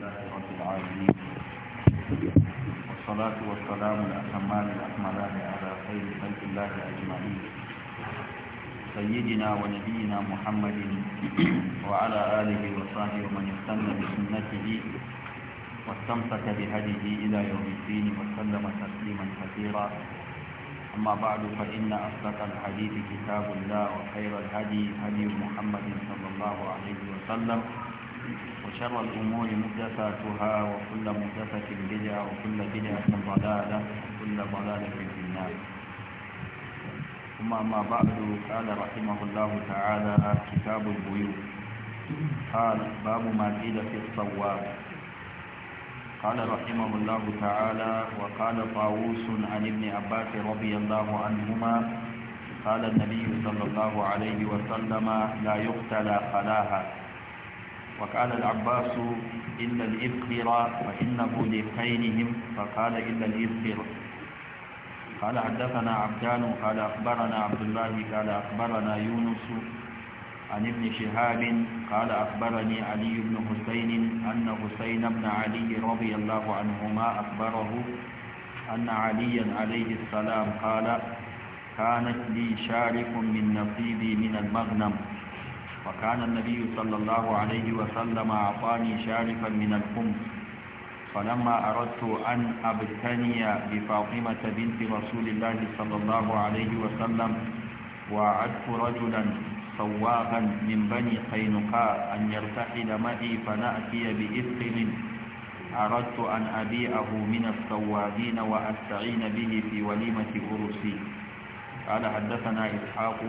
لله رب العالمين والصلاة والسلام الأكمال الأكملان على خير خلق الله أجمعين سيدنا ونبينا محمد وعلى آله وصحبه ومن اهتم بسنته واستمسك بهديه إلى يوم الدين وسلم تسليما كثيرا أما بعد فإن أصدق الحديث كتاب الله وخير الهدي هدي محمد صلى الله عليه وسلم وشر الأمور مدفاتها وكل مدفة بدعة وكل بدعة ضلالة وكل ضلالة في النار ثم ما بعد قال رحمه الله تعالى كتاب البيوت قال باب ما قيل في الصواب قال رحمه الله تعالى وقال طاووس عن ابن عباس رضي الله عنهما قال النبي صلى الله عليه وسلم لا يقتل خلاها وقال العباس إلا الإبقر فإنه لخيرهم فقال إلا الإبقر قال حدثنا عبدان قال أخبرنا عبد الله قال أخبرنا يونس عن ابن شهاب قال أخبرني علي بن حسين أن حسين بن علي رضي الله عنهما أخبره أن عليا عليه السلام قال كانت لي شارك من نصيبي من المغنم وكان النبي صلى الله عليه وسلم أعطاني شارفا من الخمس فلما أردت أن أبتني بفاطمة بنت رسول الله صلى الله عليه وسلم وعدت رجلا سواغا من بني قينقاع أن يرتحل معي فنأتي بإثقل أردت أن أبيعه من السواغين وأستعين به في وليمة أرسي قال حدثنا إسحاق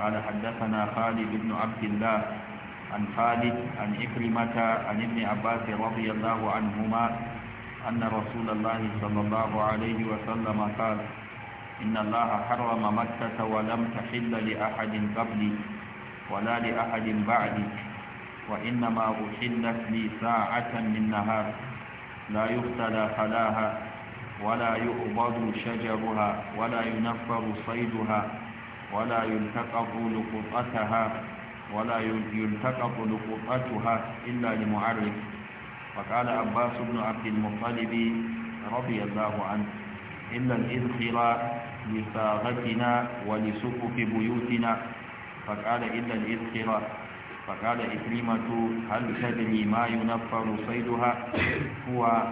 قال حدثنا خالد بن عبد الله عن خالد عن إكرمة عن ابن عباس رضي الله عنهما أن رسول الله صلى الله عليه وسلم قال إن الله حرم مكة ولم تحل لأحد قبلي ولا لأحد بعدي وإنما أحلت لي ساعة من نهار لا يختلى خلاها ولا يؤبض شجرها ولا ينفر صيدها ولا يلتقط لقطتها ولا يلتقط لقطتها إلا لمعرف وقال عباس بن عبد المطلب رضي الله عنه إلا الإذخرة لساغتنا ولسقف بيوتنا فقال إلا الإذخرة فقال إكريمة هل تدري ما ينفر صيدها هو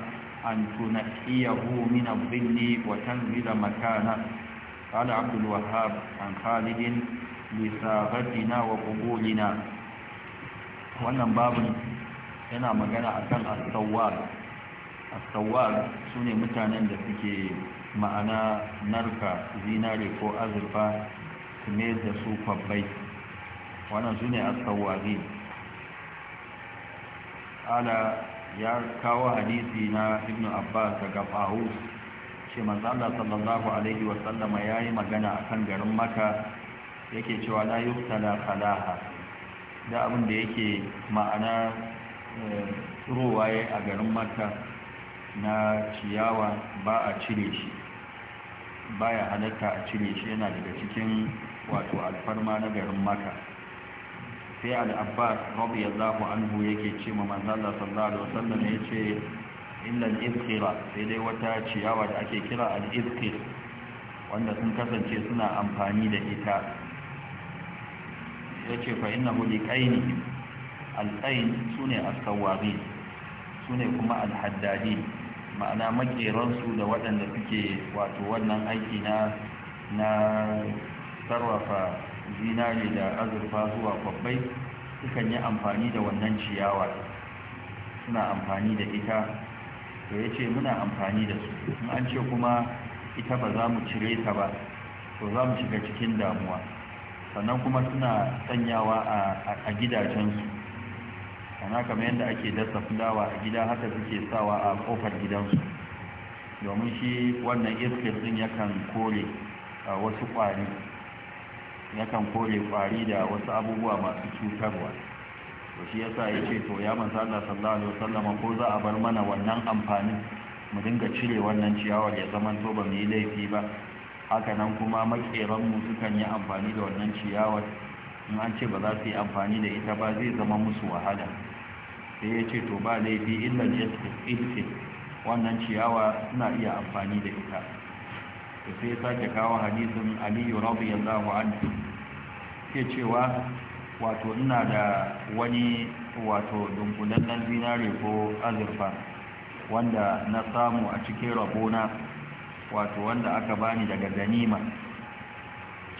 an tuna iya huminan birni watan rida makana ala abdulwahab an halidin lissabatina wa kogolina wannan babin yana magana a kan astawar astawar su ne mutanen da suke ma'ana narka zinari ko azurfa su da su kwabbai wannan su ne astawari ala ya kawo hadisi na ibnu abbas daga fahus ce manzala sallallahu alaihi wasallama ya yi magana a kan garin maka yake cewa la yuftala khalaha da abin da yake ma'ana eh, tsirowa a garin maka na ciyawa ba a cire shi baya halatta a cire shi yana daga cikin wato alfarma na garin maka sai al-abbas radiyallahu anhu yake ce ma manzo Allah sallallahu alaihi wasallam ce illa al-izqira sai dai wata ciyawa da ake kira al wanda sun kasance suna amfani da ita yace fa innahu kaini al-qain sune as su ne kuma al ma'ana makeransu da waɗanda suke wato wannan aiki na na sarrafa Zinari da azurfa zuwa kwabbai sukan yi amfani da wannan ciyawa suna amfani da ita to ya ce muna amfani da su in an ce kuma ita ba za mu cire ta ba to za mu shiga cikin damuwa sannan kuma suna sanyawa a gidajensu sana kamar yadda ake dasa fulawa a gida haka suke sawa a kofar gidansu domin shi wannan iskir din yakan kore a wasu ƙwari. yakan kore kwari da wasu abubuwa masu cutarwa to shi yasa ya ce to ya manzo Allah sallallahu alaihi wasallam ko za a bar mana wannan amfanin mu dinga cire wannan ciyawar ya zaman to ba mu yi laifi ba haka nan kuma makeran mu sukan yi amfani da wannan ciyawar in an ce ba za su yi amfani da ita ba zai zama musu wahala sai ya ce to ba laifi illa yasfi wannan ciyawa suna iya amfani da ita da sai sake kawo hadisin aliyu radiyallahu anhu ke cewa wato ina da wani wato zinare ko azurfa wanda na samu a cikin rabona wato wanda aka bani daga ganima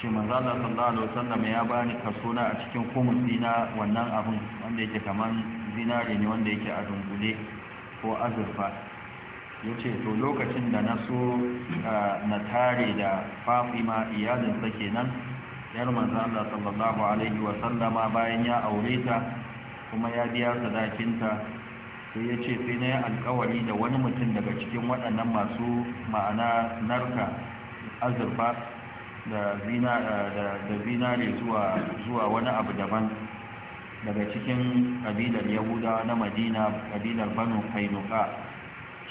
ce manzana sallallahu alaihi wasallam ya bani kaso a cikin kumusi na wannan abin wanda yake kaman zinare ne wanda yake a dunkule ko azurfa ya ce to lokacin da na so na tare da fatima iyalinsa kenan yar manzo Allah sallallahu alaihi wa sallama bayan ya aure ta kuma ya biya sadakinta sai ya ce sai na yi alkawari da wani mutum daga cikin waɗannan masu ma'ana narka azurfa da zinare zuwa wani abu daban daga cikin ƙabilar yahuda na madina ƙabilar banu kainuka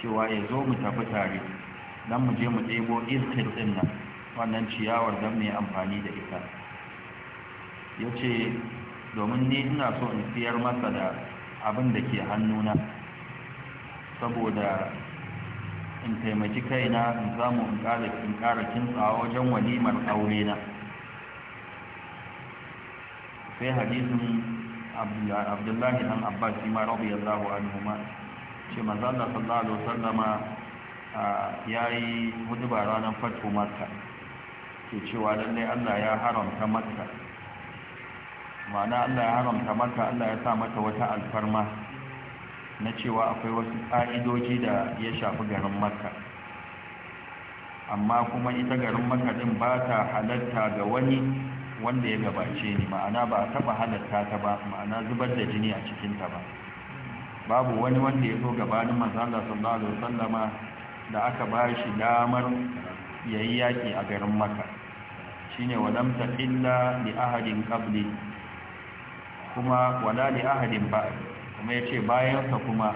cewa ya zo mu tafi tare don mu je mu ɗebo iskar ɗin nan wannan ciyawar don mai amfani da ita ya ce domin ni ina so in siyar masa da abin da ke hannuna saboda in taimaki kaina in samu in ƙara kintsawa wajen walimar aure na sai hadisin abdullahi dan abbas shi ma rabiyallahu anhu ma ce manzo Allah sallallahu alaihi ya yi huduba ranar fatu makka ke cewa lallai Allah ya haramta makka ma'ana Allah ya haramta makka Allah ya sa mata wata alfarma na cewa akwai wasu ƙa'idoji da ya shafi garin makka amma kuma ita garin makka din ba ta halatta ga wani wanda ya gabace ni ma'ana ba a taɓa halatta ta ba ma'ana zubar da jini a cikinta ba babu wani wanda ya zo gabanin manzala sallallahu alaihi wasallama da aka ba shi damar yayi yaki a garin maka shine walam illa li ahadin qabli kuma wala li ahadin ba, kuma yace bayan sa kuma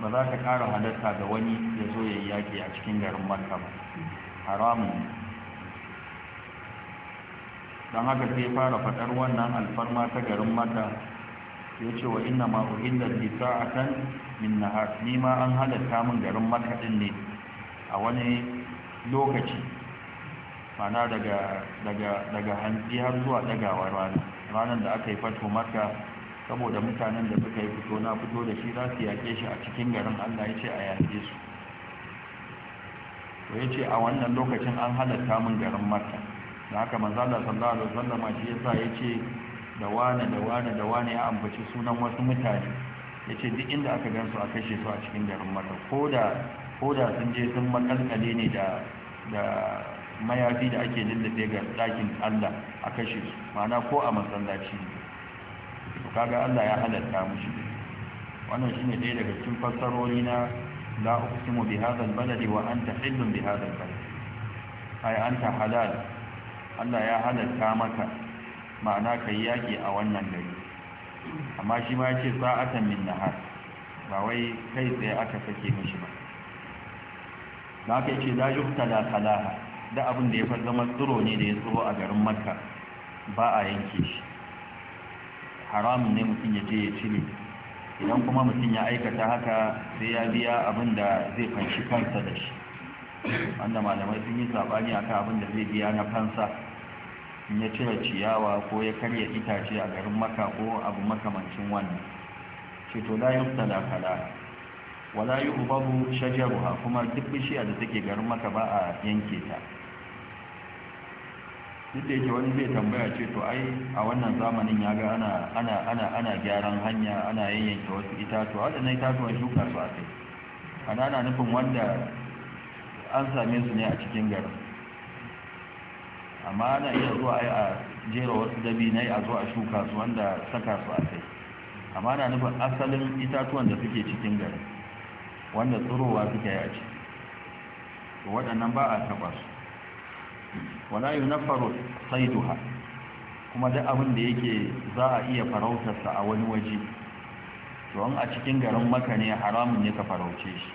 ba za ka ƙara halatta ga wani ya zo yayi yaki a cikin garin Makka ba haramun Dan haka sai fara faɗar wannan alfarma ta garin Makka. ya ce wa ina ma'uhillar nisa a kan min nima an halatta min garin makaɗin ne a wani lokaci mana daga hanzi har zuwa dagawa ranar da aka yi fato maka saboda mutanen da suka yi fito na fito da shi za su yaƙe shi a cikin garin allah ya ce a yaƙe su to ya ce a wannan lokacin an halatta min garin maka da haka manzala sallallahu alaihi wasallam shi yasa ya ce da wane da wane da wane ya ambaci sunan wasu mutane ya ce duk inda aka gansu a kashe su a cikin garin mata ko da sun je sun makalkale ne da mayafi da ake lullube ga ɗakin allah a kashe su mana ko a masallaci to kaga allah ya halatta mushi wannan shine ɗaya daga cikin fassarori na la uqsimu bi hadha al-baladi wa anta hillun bihazan hadha al-balad ay halal allah ya halatta maka ma'ana ka yi yaƙi a wannan gari amma shi ma ya ce sa'atan min nahar ba wai kai tsaye aka sake mishi ba da aka ce la yuktala kalaha da abin da ya fa zama tsiro ne da ya tsiro a garin makka ba a yanke shi haramun ne mutum ya je ya cire idan kuma mutum ya aikata haka sai ya biya abin da zai fanshi kansa da shi wanda malamai sun yi saɓani akan abin da zai biya na kansa? in ya cire ciyawa ko ya karya itace a garin maka ko abu makamancin wannan ce to la yustala kala wala shajaru a kuma duk bishiya da take garin maka ba a yanke ta duk da yake wani zai tambaya ce to ai a wannan zamanin ya ga ana ana gyaran hanya ana yayyanke wasu itatuwa na itatuwa shuka su a kai ana nufin wanda an same su ne a cikin garin amma ana iya zuwa a jera wasu dabinai a zuwa shuka su wanda saka su a kai amma na nufin asalin itatuwan da suke cikin gari wanda tsirowa suke ya ce waɗannan ba a taɓa su wala yi na faro sai duha kuma duk abin da yake za a iya farautarsa a wani waje to a cikin garin maka ne haramun ne ka farauce shi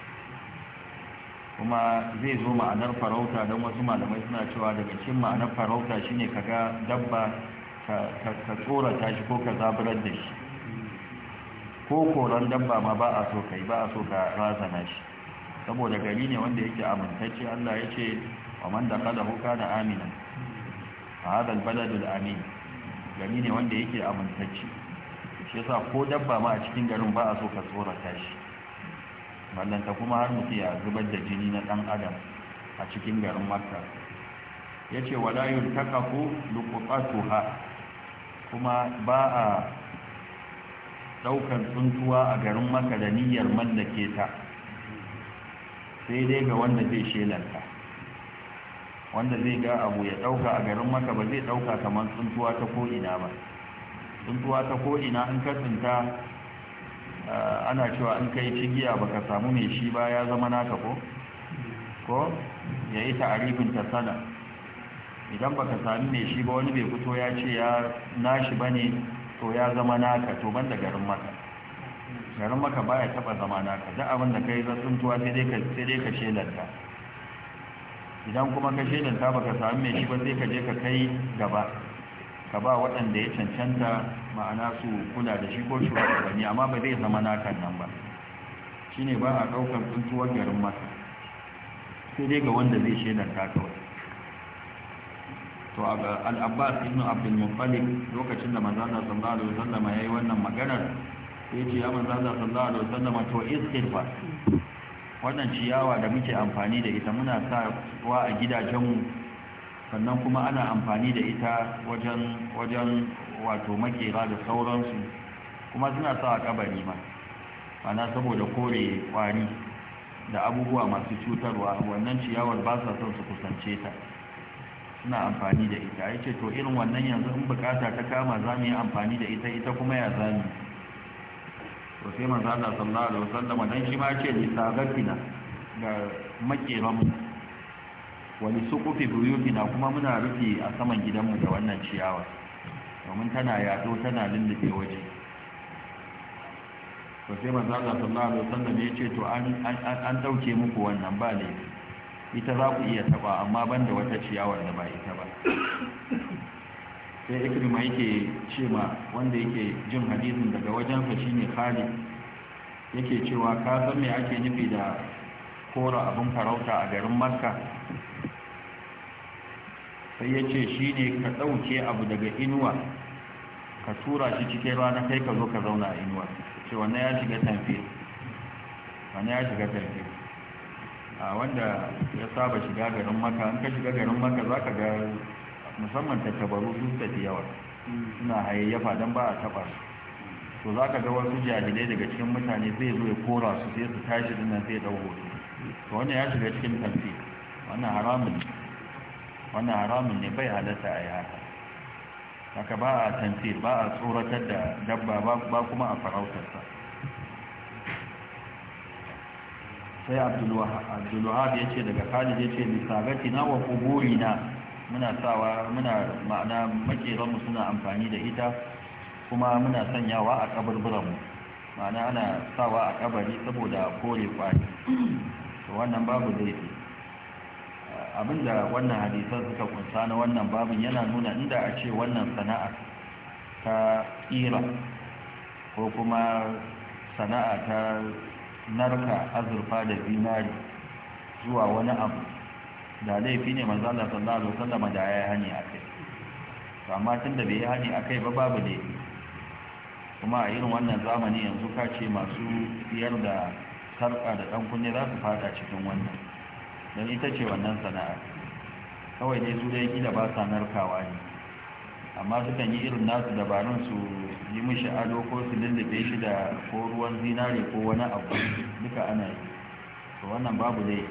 kuma zai zo ma'anar farauta don wasu malamai suna cewa daga cikin ma'anar farauta shine ka ga dabba ka tsorata shi ko ka zaburar da shi ko koran dabba ma ba a so kai ba a so ka razana shi saboda gari ne wanda yake amintacci, Allah ya ce wa man dakalahu kana amina a hadal baladul amin gari ne wanda yake amintacci. shi yasa ko dabba ma a cikin garin ba a so ka tsorata shi ballanta kuma har mutu ya zubar da jini na ɗan adam a cikin garin makka ya ce wala yun takafu ha. kuma ba a ɗaukar tsuntuwa a garin makka da niyyar man da ke ta sai dai ga wanda zai shelanta wanda zai ga abu ya ɗauka a garin maka ba zai ɗauka kamar tsuntuwa ta ko'ina ba tsuntuwa ta ko'ina in ka tsinta Ah, ana cewa in kai cigiya baka samu mai shi ba ya zama naka ko ko ya yi ta'arifin ta sana idan baka sami mai shi ba wani bai fito ya ce ya nashi ba ne to ya zama naka to ban da garin maka garin maka baya taba zama naka da abin da kai tuntuwa sai dai ka sai dai ka shelanta idan kuma ka shelanta baka sami mai shi ba sai ka je ka kai gaba ka ba waɗanda ya cancanta ma'ana su kula da shi ko shugabanni amma ba zai zama nakan nan ba shi ne ba a ɗaukar tuntuwar garin masa sai dai ga wanda zai shaidar ta kawai to al'abbas ibn abdulmuttalib lokacin da manzana sallallahu alaihi wasallam ya yi wannan maganar sai ce ya manzana sallallahu alaihi wasallam to istighfar wannan ciyawa da muke amfani da ita muna sa wa a gidajenmu sannan kuma ana amfani da ita wajen wajen wato makera da sauransu kuma suna sa a kabari ma mana saboda kore kwari da abubuwa masu cutarwa wannan ciyawar ba sa son su kusance ta suna amfani da ita ya ce to irin wannan yanzu in bukata ta kama za mu yi amfani da ita ita kuma ya za mu to sai a Allah sallallahu alaihi wasallam dan shi ma ce li sagatina ga makeranmu wani suƙufi na kuma muna rufe a saman gidanmu da wannan ciyawa domin tana yato tana lullube waje to sai manzo Allah sallallahu alaihi wasallam ya ce to an an dauke muku wannan ba ne ita za ku iya taba amma banda wata ciyawar da ba ita ba sai ikrima yake ce ma wanda yake jin hadisin daga wajensa shine Khalid yake cewa ka san me ake nufi da kora abin farauta a garin Makka sai ya ce shi ne ka ɗauke abu daga inuwa ka tura shi cikin rana kai ka zo ka zauna a inuwa ce wannan ya shiga tamfir wannan ya shiga tamfir a wanda ya saba shiga garin maka an ka shiga garin maka za ka ga musamman tattabaru sun tafi yawa suna hayayyafa don ba a taɓa su to za ka ga wasu jahilai daga cikin mutane zai zo ya kora su sai su tashi dinnan zai ɗau hoto to wannan ya shiga cikin tamfir wannan haramun ne wannan haramun ne bai halatta a yi haka haka ba a tantir ba a tsoratar da dabba ba kuma a farautarsa sai abdulwahab ya ce daga khalid ya ce na wa na muna sawa muna ma'ana makeranmu suna amfani da ita kuma muna sanyawa a kaburburanmu ma'ana ana sawa a kabari saboda kore kwari wannan babu zai Abin abinda wannan hadisan suka kunsa na wannan babin yana nuna inda a ce wannan sana'a ta ƙira ko kuma sana'a ta narka azurfa da zinari zuwa wani abu da laifi ne manzala sallallahu alaihi wasallam da ya hani akai to amma da bai hani kai ba babu ne kuma a irin wannan zamani yanzu ka ce masu yar da sarƙa da ɗan kunne za su fada cikin wannan don ita ce wannan sana'a kawai dai su dai kila ba sa narkawa ne amma sukan yi irin nasu dabarun su yi mishi ado ko su lullube shi da ko ruwan zinare ko wani abu duka ana yi to wannan babu dai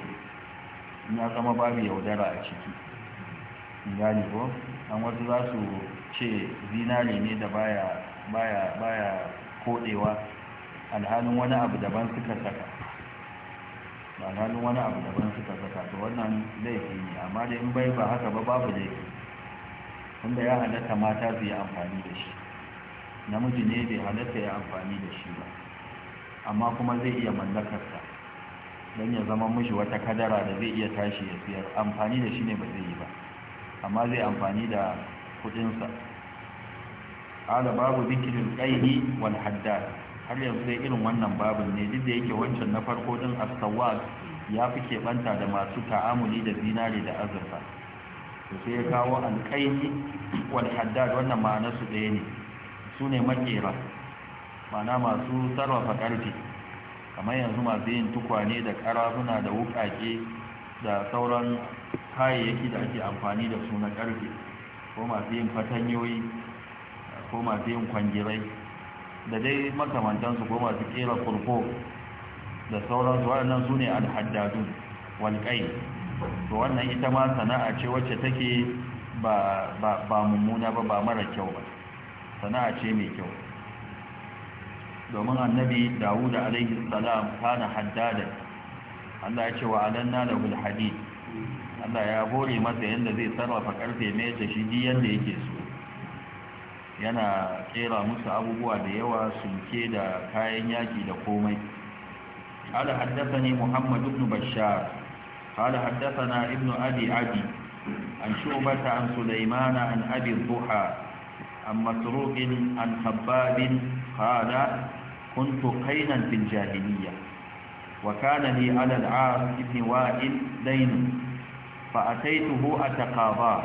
ya zama babu yaudara a ciki gani ko an wasu za su ce zinare ne da baya baya baya kodewa alhalin wani abu daban suka saka ba ganin wani abu da daban suka saka to wannan laifi ne amma dai in bai ba haka ba babu laifi wanda ya halatta mata su yi amfani da shi namiji ne bai halatta ya amfani da shi ba amma kuma zai iya mallakarsa don ya zama mishi wata kadara da zai iya tashi ya siyar amfani da shi ne ba zai yi ba amma zai amfani da kudinsa ala babu zikirin ƙaihi wal haddad har yanzu sai irin wannan babin ne duk da yake wancan na farko din astawad ya fi keɓanta da masu ta'amuli da zinare da azurfa to sai ya kawo alƙaini wal haddad wannan ma'anar su ɗaya ne su ne maƙera ma'ana masu sarrafa ƙarfe kamar yanzu masu yin tukwane da ƙarafuna da wuƙaƙe da sauran kayayyaki da ake amfani da su na ƙarfe ko masu yin fatanyoyi ko masu yin kwangirai da dai makamantansu ko masu kera kurko da sauransu waɗannan su ne alhaddadun walƙai to wannan ita ma sana'a ce wacce take ba mummuna ba ba mara kyau ba sana'a ce mai kyau domin annabi dawuda alaihi salam kana haddada Allah ya ce wa alanna da hadid Allah ya hore masa yadda zai sarrafa karfe mai da shi yanda yake so yana tsera musu abubuwa da yawa sulke da kayan yaki da komai قال حدثني محمد بن بشار قال حدثنا ابن أبي عدي عن شعبة عن سليمان عن أبي الضحى عن مسروق عن خباب قال كنت قينا في الجاهلية وكان لي على العاص بن وائل دين فأتيته أتقاضاه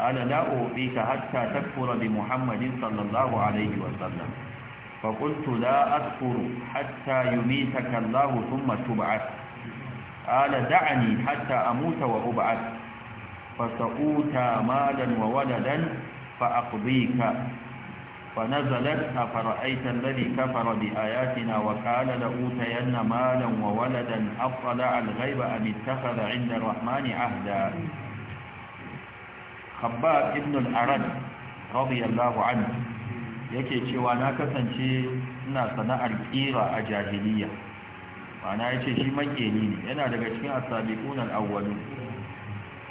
قال لا أعطيك حتى تكفر بمحمد صلى الله عليه وسلم فقلت لا أكفر حتى يميتك الله ثم تبعث قال دعني حتى أموت وأبعث فسقوتا مالا وولدا فأقضيك فنزلت أفرأيت الذي كفر بآياتنا وقال لأوتين مالا وولدا أطلع الغيب أم اتخذ عند الرحمن عهدا habba ibn al-arad radiyallahu anhu yake cewa na kasance ina sana'ar ƙira a jahiliya ma'ana yace shi makeni ne yana daga cikin asabiqun al awwalin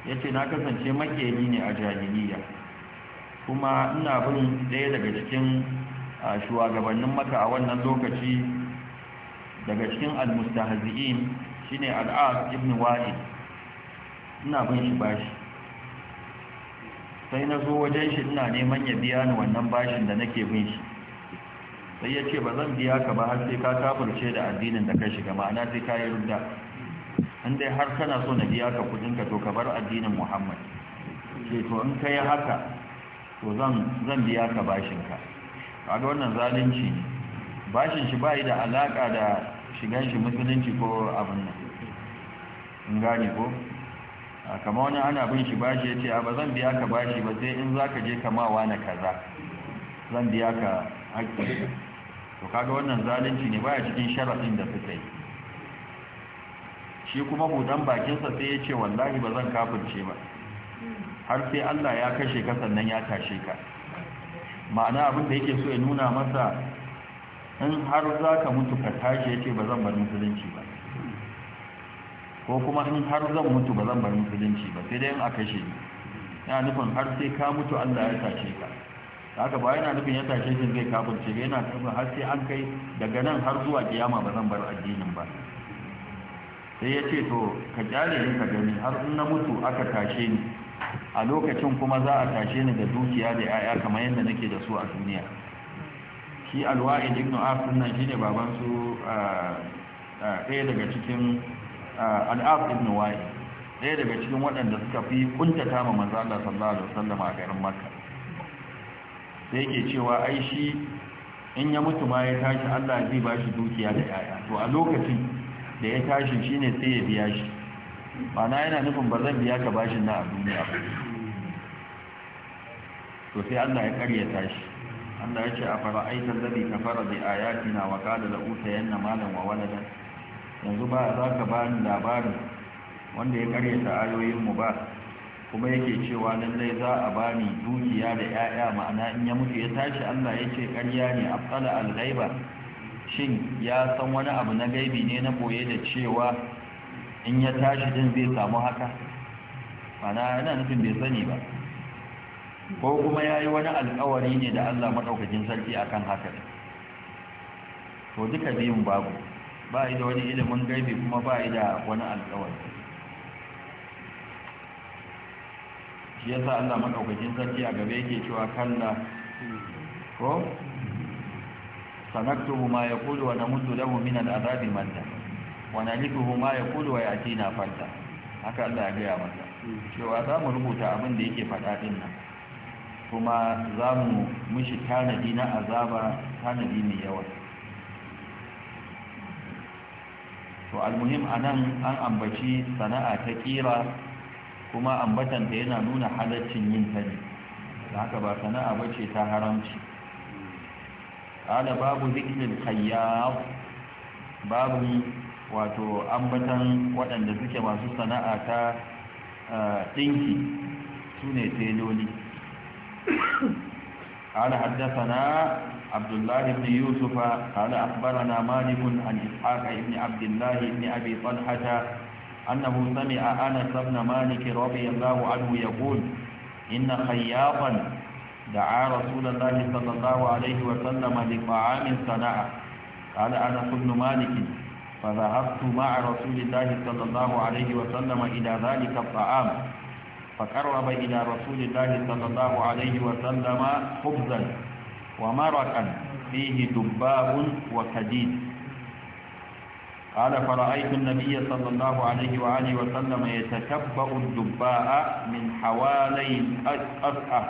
yace na kasance makeni ne a jahiliya kuma ina bin daya daga cikin shugabannin maka a wannan lokaci daga cikin al-mustahzi'in shine al-as ibn ina bin shi bashi sai na zo wajen shi ina neman ya biya ni wannan bashin da nake bin shi sai ya ce ba zan biya ka ba har sai ka kafirce da addinin da ka shiga ma'ana sai ka yi rudda in dai har kana so na biya ka ka to ka bar addinin muhammad ce to in ka yi haka to zan biya ka bashin A kaga wannan zalunci ne bashin shi ba yi da alaka da shigan shi musulunci ko abin nan in gane ko kama wani ana bin shi bashi ya ce a ba zan biya ka bashi ba sai in za ka je kamawa na kaza zan biya ka haƙƙi to kaga wannan zalunci ne baya cikin sharaɗin da suka yi shi kuma buɗan bakinsa sai ya ce wallahi ba zan kafirce ba har sai Allah ya kashe ka sannan ya tashe ka ma'ana abin da yake so ya nuna masa in har za ka mutu ka tashi ya ce ba zan bar musulunci ba ko kuma in har zan mutu ba zan bar musulunci ba sai dai in a kashe ni nufin har sai ka mutu Allah ya tashe ka haka ba yana nufin ya tashe shi zai kafirce ga yana nufin har sai an kai daga nan har zuwa kiyama ba zan bar addinin ba sai ya ce to ka kyale ni ka gani har in na mutu aka tashe ni a lokacin kuma za a tashe ni da dukiya da 'ya'ya kamar yadda nake da su a duniya shi alwa'id ibn af nan shine baban su ah, ah, ɗaya daga cikin al'ab ibn wa'i ɗaya daga cikin waɗanda suka fi kuntata ma manzo Allah sallallahu alaihi wasallam a garin Makka sai yake cewa ai shi in ya mutu ma ya tashi Allah zai ba shi dukiya da yaya to a lokacin da ya tashi shine sai ya biya shi ba na yana nufin ba zan biya ka bashin na a duniya ba to sai Allah ya karya tashi. Allah ya ce a fara aikin zabi kafara da ayatina wa da la yanna malam wa waladan yanzu ba za ka ba ni labarin wanda ya karyata ayoyinmu ba kuma yake cewa lallai za a ba ni dukiya da 'ya'ya ma'ana in ya mutu ya tashi Allah ya ce karya ne abtala al-ghaiba shin ya san wani abu na gaibi ne na boye da cewa in ya tashi din zai samu haka ma'ana yana nufin bai sani ba ko kuma ya yi wani alkawari ne da Allah maɗaukakin sarki akan haka to duka biyun babu ba yi da wani ilimin gaibi kuma ba yi da wani alkawari shi ya sa allah makaukacin sarki a gaba yake cewa kalla ko sanaktubu ma ya kudu wa na da lahu min al'azabi manta wa hu ma ya kudu wa yati na farta haka allah ya gaya masa cewa za mu rubuta abin da yake faɗa ɗin nan kuma za mu mishi tanadi na azaba tanadi mai yawa to almuhim anan an ambaci sana'a ta kira kuma ambatan da yana nuna halaccin yin ta ne da haka ba sana'a bace ta haramci ala babu zikirin khayyab babu wato ambatan waɗanda suke masu sana'a ta ɗinki eh, su ne teloli قال sana'a. عبد الله بن يوسف قال أخبرنا مالك عن إسحاق بن عبد الله بن أبي طلحة أنه سمع أنس بن مالك رضي الله عنه يقول إن خياطا دعا رسول الله صلى الله عليه وسلم لطعام صنعه قال أنس بن مالك فذهبت مع رسول الله صلى الله عليه وسلم إلى ذلك الطعام فقرب إلى رسول الله صلى الله عليه وسلم خبزا ومرقا فيه دباء وكديد قال فرأيت النبي صلى الله عليه وآله وسلم يتكبأ الدباء من حوالي أسأة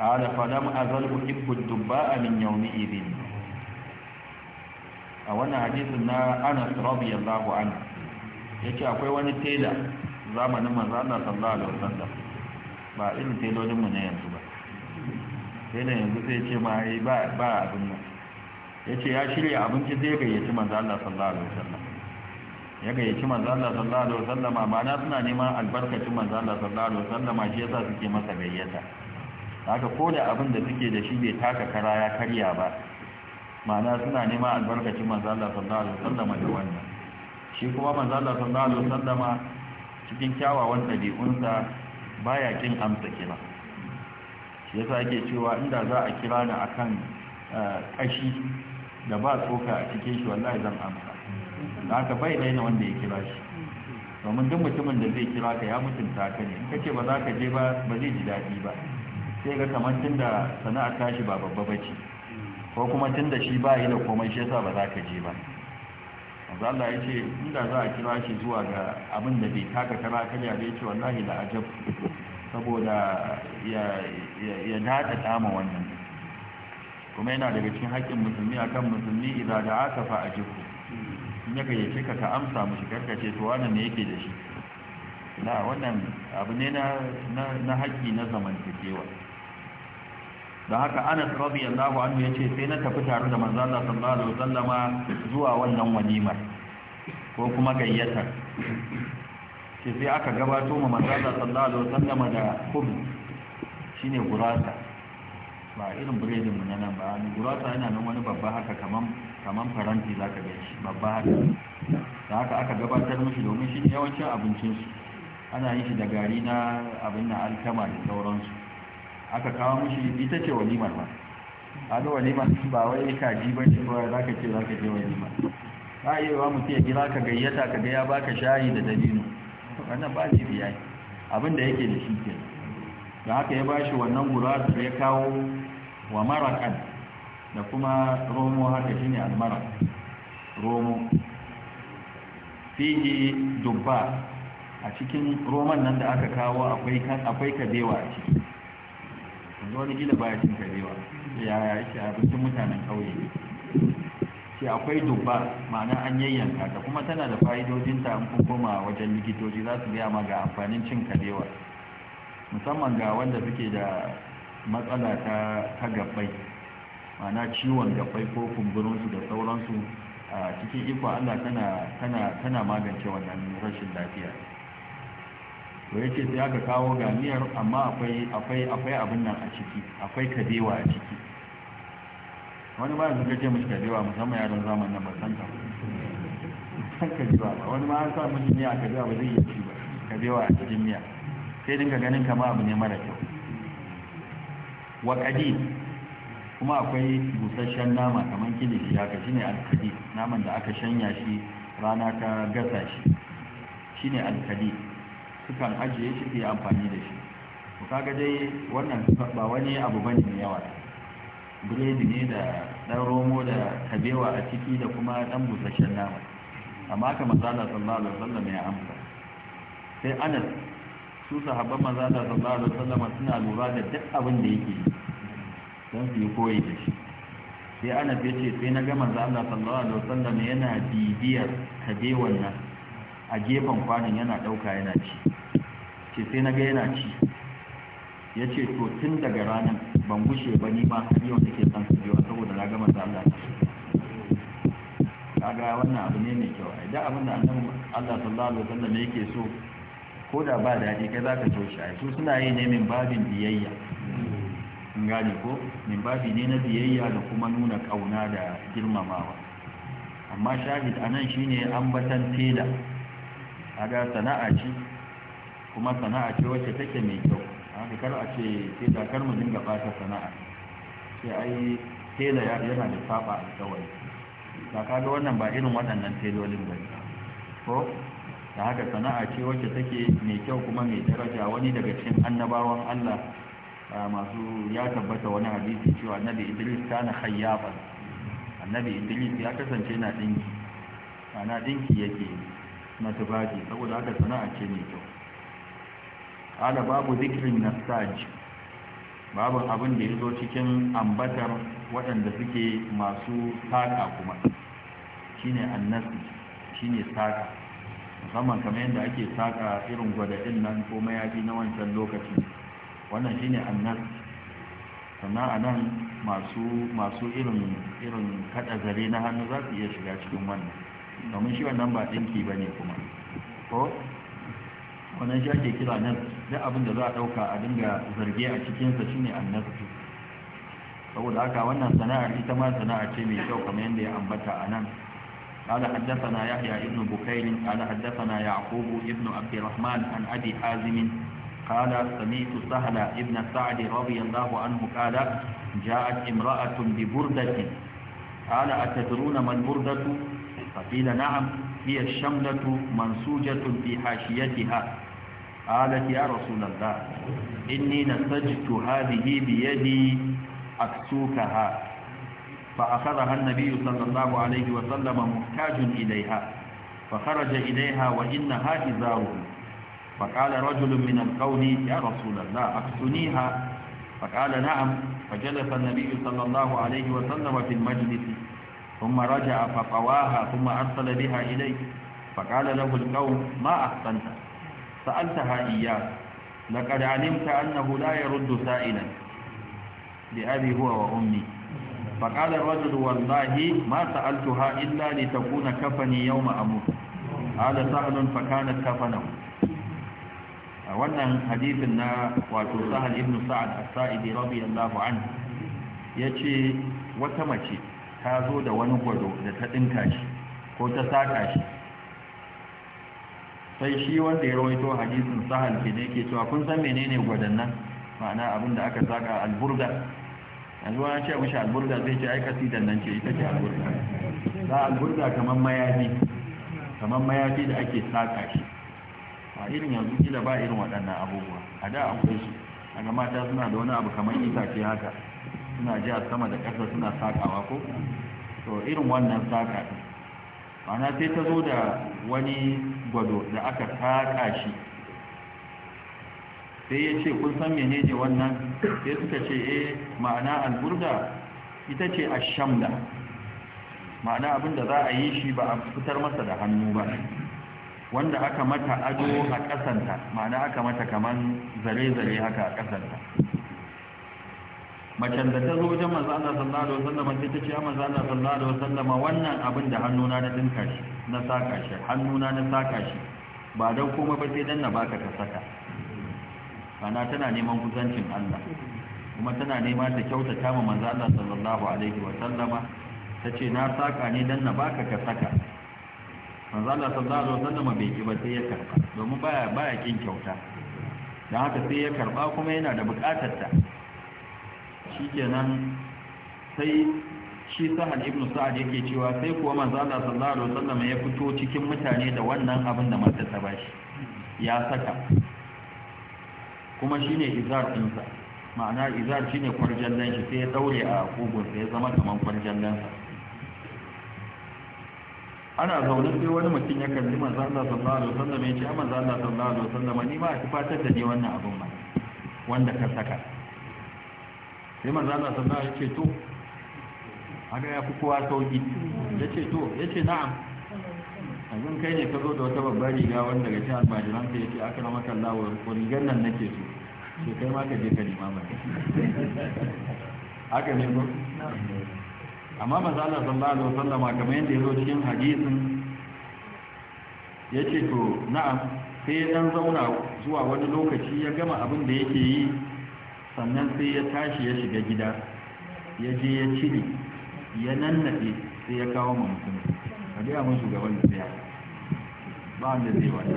قال فلم أزل أحب الدباء من يومئذ a wannan hadisin na anas radiyallahu anhu akwai wani tela zamanin manzo sallallahu alaihi wasallam ba irin telolin mu yanzu ba sai da yanzu sai ce ma yi ba abin nan ya ce ya shirya abinci sai gayyaci manzo Allah sallallahu alaihi wasallam ya gayyaci manzo Allah sallallahu alaihi wasallama na suna neman albarkacin manzo Allah sallallahu alaihi wasallama shi yasa suke masa gayyata haka ko da abin da suke da shi bai taka kara ya karya ba ma'ana suna neman albarkacin manzo Allah sallallahu alaihi wasallama da wannan shi kuma manzo Allah sallallahu alaihi wasallama cikin kyawawan dabi'unsa baya kin amsa kina ya sake cewa inda za a kira ni a kan eh, ƙashi da ba tsoka a cikin shi wallahi zan amsa da aka bai daina wanda ya kira shi domin duk mutumin da zai kira ka ya mutunta ka ne in kace ba za ka je ba ba zai ji daɗi ba sai ga kamar da sana'ar tashi ba babba ba ce ko kuma tun da shi ba yi da komai shi yasa ba za ka je ba manzo Allah ya ce inda za a kira shi zuwa ga abin da bai taka kara da ya ce wallahi la ajab saboda ya daɗa dama wannan kuma yana daga cikin haƙƙin musulmi akan musulmi idan da aka fa a jiku in ya gayyace ka ka amsa mushi karkace to wannan ne yake da shi na wannan abu ne na haƙƙi na zamantakewa da haka anas radiyallahu anhu yace sai na tafi tare da manzo Allah sallallahu alaihi wasallama zuwa wannan walimar ko kuma gayyatar ce sai aka gabato ma manzala sallallahu alaihi wasallam da hum shine gurasa ba irin biredin mun nan ba ni gurasa yana nan wani babba haka kaman kaman faranti zaka ga shi babba haka da haka aka gabatar mishi domin shi yawancin abincin su ana yin shi da gari na abin na alkama da sauransu aka kawo mishi ita ce walimar ba hada walimar ba wai kaji ba shi ba zaka ce zaka je walimar ba iya wa mutum ya gina ka gayyata ka ga ya baka shayi da dabino wannan ba shi yayi abinda yake da shi ke da haka ya ba shi wannan gurar da ya kawo wa marakan da kuma romo haka shi ne almara romo fiye dubba a cikin roman nan da aka kawo akwai kadewa kabewa a ciki wani gida bayan cin kabewa ya yi shi a bikin mutanen kauye ce akwai dubba ma'ana an yayyanka ta kuma tana da fa'idodinta an koma wajen likitoci za su gaya ma ga amfanin cin kabewa musamman ga wanda suke da matsala ta gabbai ma'ana ciwon gabbai ko kumburinsu da sauransu a cikin iko allah tana magance wannan rashin lafiya to yake sai aka kawo ga miyar amma akwai abin nan a ciki akwai kabewa a ciki wani ba yanzu kake mishi kajewa musamman yaron zaman nan musamman san kajewa ba wani ma an sa mishi a kajewa ba zai iya ci ba kajewa a cikin miya sai dinga ganin kama abu ne mara kyau wa kadi kuma akwai busasshen nama kamar shi haka shine alkadi naman da aka shanya shi rana ta gasa shi shine alkadi sukan ajiye shi ke amfani da shi ku kaga dai wannan ba wani abu bane mai yawa biredi ne da ɗan romo da kabewa a ciki da kuma ɗan busasshen nama amma ka mazala sallallahu alaihi wasallam ya amsa sai anas su sahabban mazala sallallahu alaihi wasallam suna lura da duk abin da yake don su yi koyi da shi sai anas ya ce sai na ga mazala sallallahu alaihi wasallam yana bibiyar kabewan nan a gefen kwanin yana ɗauka yana ci ce sai na ga yana ci ya ce to tun daga ranar ban gushe ba ni ma yau take kan su jiwa saboda na gama da Allah kaga wannan abu ne mai kyau idan abin da annabi Allah sallallahu alaihi wasallam yake so ko da ba daɗi kai zaka so shi ai su suna yi ne min babin biyayya in gane ko min babi ne na biyayya da kuma nuna kauna da girmamawa amma shahid anan shine ambatan tela kaga sana'a ce kuma sana'a ce wacce take mai kyau haka kar a ce sai da mu dinga fata sana'a sai ai tela yana da saba a kawai da ga wannan ba irin waɗannan telolin ba ko da haka sana'a ce wacce take mai kyau kuma mai daraja wani daga cikin annabawan Allah masu ya tabbata wani hadisi cewa annabi Idris kana khayyaban annabi Idris ya kasance na dinki ana dinki yake na saboda haka sana'a ce mai kyau ala babu zikirin nasaj babu abin da ya zo cikin ambatar waɗanda suke masu saƙa kuma shine annasi shine saƙa musamman kamar yadda ake saƙa irin gwadadin nan ko mayafi na wancan lokacin wannan shine annasi sannan a nan masu irin kaɗa zare na hannu za su iya shiga cikin wannan domin shi wannan ba ɗinki ba ne kuma ko wannan shi ake kira nan duk abin da za a ɗauka a dinga zarge a cikinsa shine annabtu saboda haka wannan sana'ar ita ma sana'a ce mai kyau kamar yadda ya ambata a nan قال حدثنا يحيى ابن بكير قال حدثنا يعقوب ابن عبد الرحمن عن أبي حازم قال سمعت سهل ابن سعد رضي الله عنه قال جاءت امرأة ببردة قال أتدرون ما البردة فقيل نعم هي الشملة منسوجة في حاشيتها قالت يا رسول الله إني نسجت هذه بيدي أكسوكها فأخذها النبي صلى الله عليه وسلم محتاج إليها فخرج إليها وإنها إزاره فقال رجل من القوم يا رسول الله أكسنيها فقال نعم فجلس النبي صلى الله عليه وسلم في المجلس ثم رجع فطواها ثم أرسل بها إليه فقال له القوم ما أحسنت سألتها إياه لقد علمت أنه لا يرد سائلا لأبي هو وأمي فقال الرجل والله ما سألتها إلا لتكون كفني يوم أموت قال سهل فكانت كفنه wannan hadithin na wato sahal ibn sa'ad as-sa'idi radiyallahu anhu yace wata mace ta zo da wani gwado da ta ɗinka shi ko ta saka shi sai shi wanda ya rawaito hadisin sahal ke ne ke cewa kun san menene gwadannan ma'ana abin da aka saka alburga yanzu wani ce mushi alburga zai ce ai kasidan nan ce ita ce alburga za alburga kamar mayafi kamar mayafi da ake saka shi a irin yanzu kila ba irin waɗannan abubuwa a da akwai su a ga mata suna da wani abu kamar itace haka suna ji a sama da ƙasa suna sakawa ko to irin wannan saka ɗin ma'ana sai ta zo da wani gwado da aka kaka shi sai ya ce kun san menene wannan sai suka ce eh ma'ana alburda ita ce ashamda ma'ana abinda za a yi shi ba a fitar masa da hannu ba wanda aka mata ado a kasanta ma'ana aka mata kaman zare-zare haka a kasanta macen da ta zo wajen manzo Allah sallallahu alaihi wasallam sai ta ce ya manzo Allah sallallahu alaihi wasallam wannan abin da hannuna na dinka shi na saka shi hannuna na saka shi ba dan komai ba sai dan na baka ka saka kana tana neman kusancin Allah kuma tana neman ta kyautata ma manzo Allah sallallahu alaihi ta tace na saka ne dan na baka ka saka manzo Allah sallallahu alaihi sallama bai ki ba sai ya karba domin baya baya kin kyauta dan haka sai ya karba kuma yana da bukatar ta shikenan sai shi sahal ibn sa'ad yake cewa sai kuwa manzo Allah sallallahu alaihi wasallam ya fito cikin mutane da wannan abin da matar ta bashi ya saka kuma shine izar sa ma'ana izar shine nan shi sai ya daure a kugun sai ya zama kaman kwarjallan sa ana zaune sai wani mutum ya kalli manzo Allah sallallahu alaihi wasallam ya ce manzo Allah sallallahu alaihi wasallam ni ma ki fatar da ni wannan abin ba wanda ka saka sai manzan Allah sallallahu ya ce to haka ya fi kowa sauki ya ce to ya ce na'am yanzu kai ne ka zo da wata babbar riga wanda daga cikin almajiran ya yace aka maka Allah wa rigar gannan nake so ke kai ma ka je ka nima ba haka ne ko amma manzo Allah sallallahu alaihi wasallam kamar yadda yazo cikin hadisin yace to na'am sai ya dan zauna zuwa wani lokaci ya gama abin da yake yi sannan sai ya tashi ya shiga gida ya je ya cire ya nannaɗe sai ya kawo ma mutum a gaya mun shugaban da tsaya ba wanda zai wata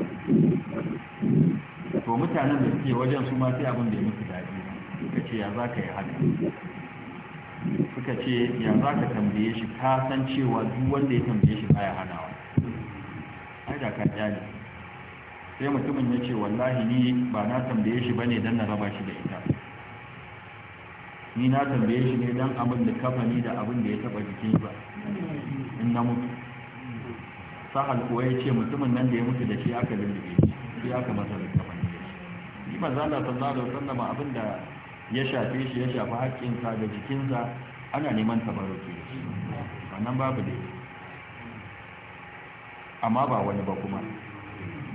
to mutanen da suke wajen su ma sai abin da ya musu daɗi suka ce ya za ka yi haka suka ce ya za ka tambaye shi ka san cewa duk wanda ya tambaye shi baya hanawa ai da ka ne sai mutumin ya ce wallahi ni ba na tambaye shi bane dan na raba shi da ita ni na tambaye shi ne don abin da kafani da abin da ya taba jikin ba in na mutu sahal kuwa ya ce mutumin nan da ya mutu da shi aka lullube shi aka masa kafani da shi na mazala sallallahu alaihi wasallam abin da ya shafe shi ya shafi haƙƙinsa da jikinsa ana neman tabaruki da shi wannan babu da amma ba wani ba kuma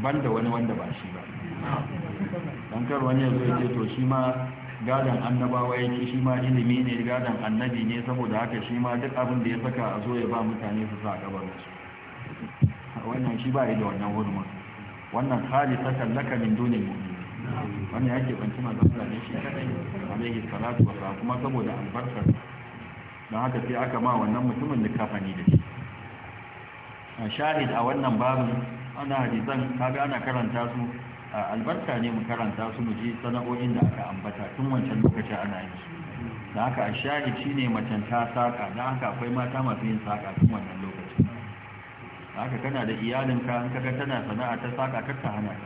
ban da wani wanda ba shi ba don kar wani ya zo ya ce to shi ma gadon annabawa yake shi ma ilimi ne gadon annabi ne saboda haka shi ma duk abin da ya saka a zo ya ba mutane su sa gabar su wannan shi ba da wannan hurumin wannan hali ta laka min dole mu'min wannan yake banci manzon Allah ne shi kadai alaihi salatu wa kuma saboda albarkar don haka sai aka ma wannan mutumin kafani da shi a shahid a wannan babin ana hadisan kaga ana karanta su albarka ne mu karanta su mu ji sana'o'in da aka ambata tun wancan lokacin ana yi da haka a shi ne macen ta saka don haka akwai mata masu yin saka tun wannan lokacin da haka kana da iyalinka an kaga tana sana'a ta saka kar ta hana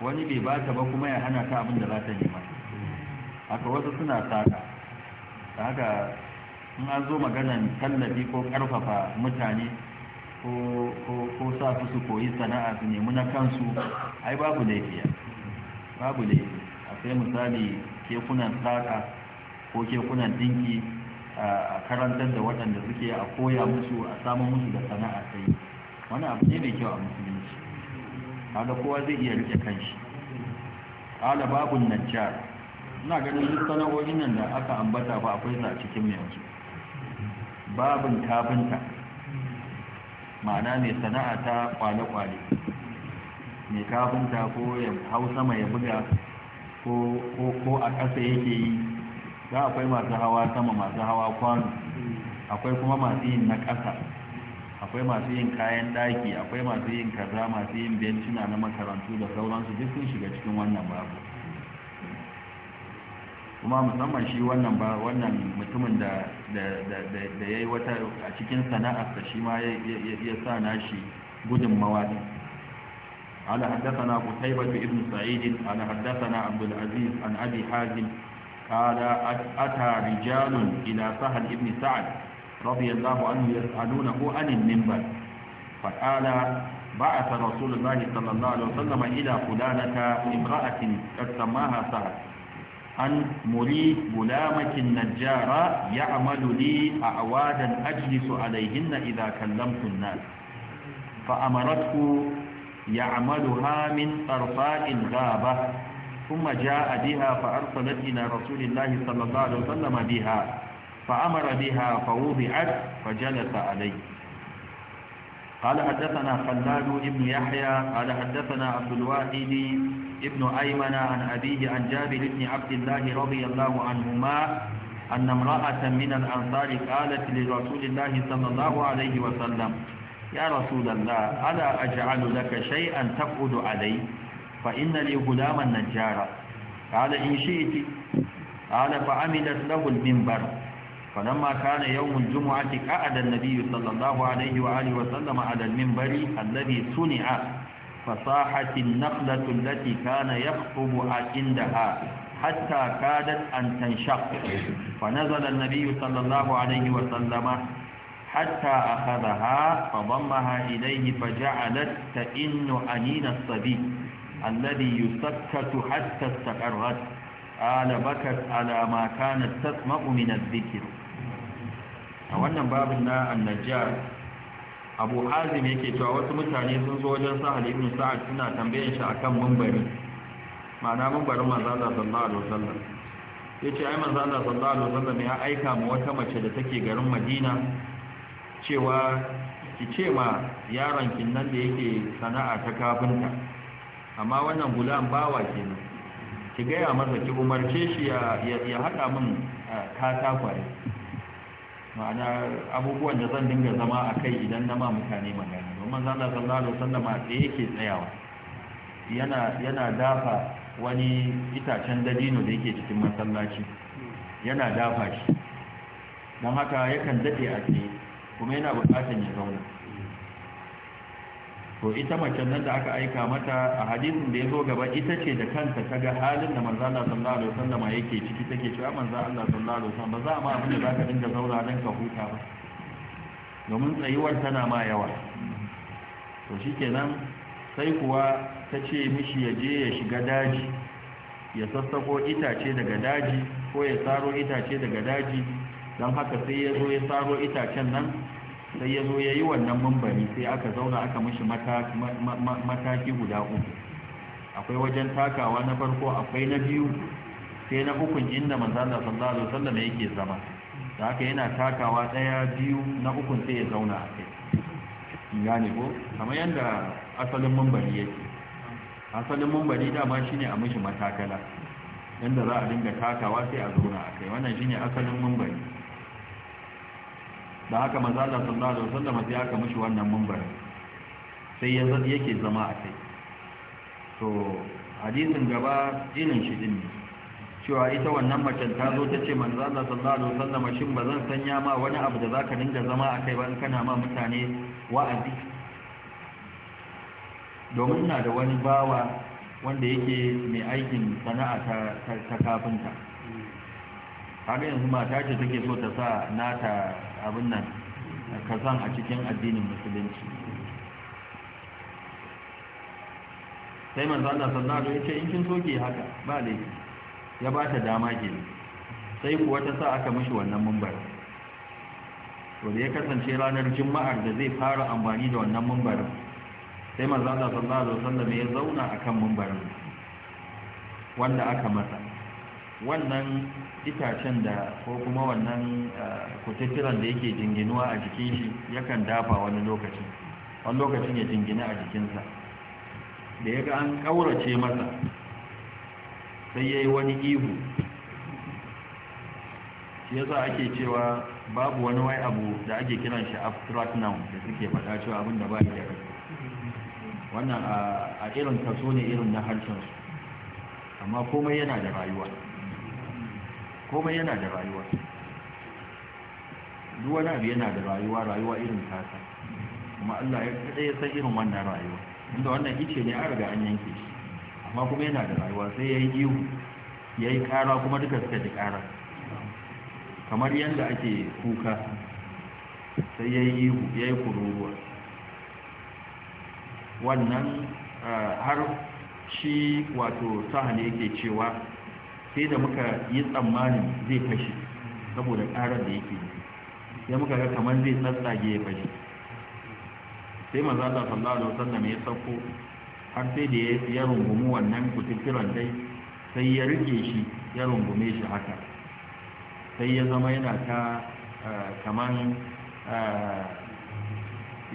wani bai ba ta ba kuma ya hana ta abin da za ta nema haka wasu suna saka da haka in an zo maganan tallafi ko ƙarfafa mutane ko sa su su koyi sana'a su nemi na kansu ai babu laifiya babu laifiya. akwai misali kekunan tsaka ko kekunan dinki a karantar da waɗanda suke a koya musu a samun musu da sana'a ta yi, wani abu ne mai kyau a musulunci kada kowa zai iya rike kanshi kada babun najjar ina ganin duk sana'o'in nan da aka ambata ba akwai su a cikin yanzu babun kafinta ma'ana mai sana'a ta kwale-kwale mai kafinta ko ya hau sama ya buga ko a ƙasa yake yi za akwai masu hawa sama masu hawa kwano akwai kuma masu yin na ƙasa akwai masu yin kayan ɗaki akwai masu yin kaza masu yin bencina na makarantu da sauransu duk sun shiga cikin wannan babu kuma musamman shi wannan mutumin da da da yayi wata a cikin sana'ar ka shi ma ya ya, ya, ya sa nashi gudun mawadi ala haddathana qutaiba ibn sa'id ala haddathana abdul aziz an abi hazim qala ata rijalun ila sahal ibn sa'd radiyallahu anhu yas'alunahu an minbar فقال بعث رسول الله صلى الله عليه وسلم إلى فلانة امرأة قد سماها سهل an muri gulamakin najjara ya amalu li a awadan ajlisu alaihin na idakan lamfin nan fa’amaratku ya amalu hamin tsarfa’in gaba kun maja a biha fa’arsa latina rasulillahi sallallahu alaihi wasallama biha fa’amara biha fa’uzi ar fa’jalata alai. قال حدثنا خلاد بن يحيى قال حدثنا عبد الواحد بن أيمن عن أبيه عن جابر بن عبد الله رضي الله عنهما أن امرأة من الأنصار قالت لرسول الله صلى الله عليه وسلم يا رسول الله ألا أجعل لك شيئا تقعد عليه فإن لي غلاما نجارا قال إن شئت قال فعملت له المنبر فلما كان يوم الجمعة قعد النبي صلى الله عليه وآله وسلم على المنبر الذي صنع فصاحت النخلة التي كان يخطب عندها حتى كادت أن تنشق فنزل النبي صلى الله عليه وسلم حتى أخذها فضمها إليه فجعلت تئن أنين الصبي الذي يسكت حتى استقرت qala bakat ala ma kanat tasma'u min dhikr a wannan babin na an Abu Hazim yake cewa wasu mutane sun zo wajen Sahal ibn Sa'ad suna tambayar shi akan munbari ma'ana munbarin manzo Allah sallallahu alaihi wasallam yace ai manzo Allah sallallahu alaihi wasallam ya aika mu wata mace da take garin Madina cewa ki ce ma yaron kin nan da yake sana'a ta kafinta amma wannan gulan bawa kenan ki gaya masa ki umarce shi ya haɗa min katakwaye ma'ana abubuwan da zan dinga zama a kai idan na ma mutane magana domin zan Allah sallallahu alaihi wasallam yake tsayawa yana dafa wani itacen dadino da yake cikin masallaci yana dafa shi don haka yakan daɗe a tsaye kuma yana buƙatar ya zauna to ita mace nan da aka aika mata a hadisin da ya zo gaba ita ce da kanta ta ga halin da manzo Allah sallallahu alaihi wasallam yake ciki take cewa manzo Allah sallallahu alaihi wasallam ba za ma abin da zaka dinga zaura dan ka huta ba domin tsayuwar tana ma yawa to shikenan sai kuwa ta ce mishi ya je ya shiga daji ya sassako itace daga daji ko ya saro itace daga daji don haka sai ya zo ya saro itacen nan sai ya zo ya yi wannan mambari sai aka zauna aka mashi mataki guda uku akwai wajen takawa na farko akwai na biyu sai na hukun inda manzana sallallahu alaihi wasallam yake zama da haka yana takawa daya biyu na hukun sai ya zauna a kai gane ko kamar yadda asalin mambari yake asalin mambari dama shine a mashi matakala yadda za a dinga takawa sai a zauna a kai wannan shine asalin mambari da haka maza da Allah da wasan da mafi aka mashi wannan mambar sai ya yake zama a kai to hadisin gaba irin shi din cewa ita wannan macen ta zo ta ce da Allah da wasan da mashin ba zan sanya ma wani abu da zaka dinga zama a kai ba in kana ma mutane wa'azi domin na da wani bawa wanda yake mai aikin sana'a ta kafinta kaga yanzu mata ce take so ta sa nata abin nan ka san a cikin addinin musulunci sai manzo Allah sallallahu alaihi wasallam in kin soke haka ba laifi ya ba ta dama ke sai kuwa ta sa aka mishi wannan mumbar to da ya kasance ranar juma'ar da zai fara amfani da wannan mumbar sai manzo Allah sallallahu alaihi wasallam ya zauna akan mumbarin wanda aka masa wannan itacen da ko kuma wannan eh, kututturan da yake jinginuwa a jikin shi yakan dafa wani lokacin wani lokacin ya jingina a jikinsa da ya ga an ƙaurace masa sai ya yi wani ihu shi yasa ake cewa babu wani wai abu da ake kiran shi abstract noun da suke faɗa cewa abin da ba da wannan ah, a irin kaso ne irin na su amma komai yana da rayuwa komai yana da rayuwa duk wani abu yana da rayuwa rayuwa irin tasa kuma Allah ya kada ya san irin wannan rayuwa inda wannan ice ne a riga an yanke shi amma kuma yana da rayuwa sai yayi ihu yayi kara kuma duka suka ji kara kamar yanda ake kuka sai yayi ihu yayi kururuwa wannan ah, har shi wato sahani yake cewa sai da muka yi tsammanin zai fashe saboda karar da yake sai muka ga kamar zai tsatsage ya fashe sai manzo Allah da wasan da ya sauko har sai da ya rungumi wannan kututturan dai sai ya rike shi ya rungume shi haka sai ya zama yana ta eh, kamar eh,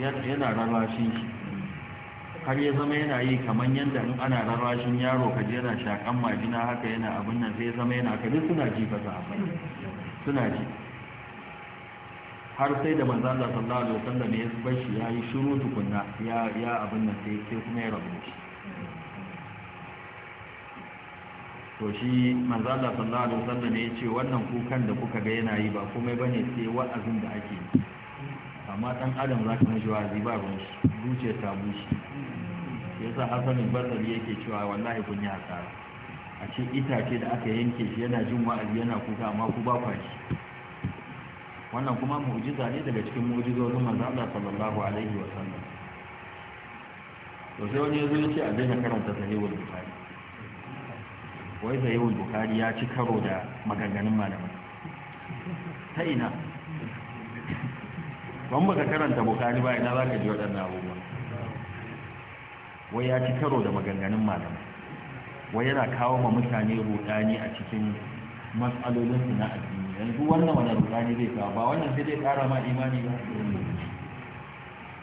yana rarrashin shi har ya zama yana yi kamar yadda in ana rarrashin yaro ka je yana shakan majina haka yana abin nan sai ya zama yana haka suna ji ba za suna ji har sai da manzo Allah sallallahu alaihi wasallam ya bashi, ya yi shiru tukunna ya ya abin nan sai sai kuma ya rabu shi to shi manzo Allah sallallahu alaihi wasallam ya ce wannan kukan da kuka ga yana yi ba komai bane sai wa'azin da ake yi amma dan adam zaka mishi wa'azi ba ruwan shi zuciya ta bushe shi yasa hasanin barnari yake cewa wallahi kun yi hasara a ce itace da aka yanke shi yana jin wa'azi yana kuka amma ku ba kwashi wannan kuma mu'jiza ne daga cikin mu'jizozin manzo Allah sallallahu alaihi wa sallam to sai wani yazo yace a daina karanta sahihul bukhari wai sahihul bukhari ya ci karo da maganganun malamai ta ina ban baka karanta bukhari ba ina zaka ji waɗannan abubuwa wai ya ci karo da maganganun malamai wai yana kawo ma mutane rudani a cikin matsalolinsu na addini yanzu wannan wani rudani zai kawo ba wannan sai zai kara ma imani ba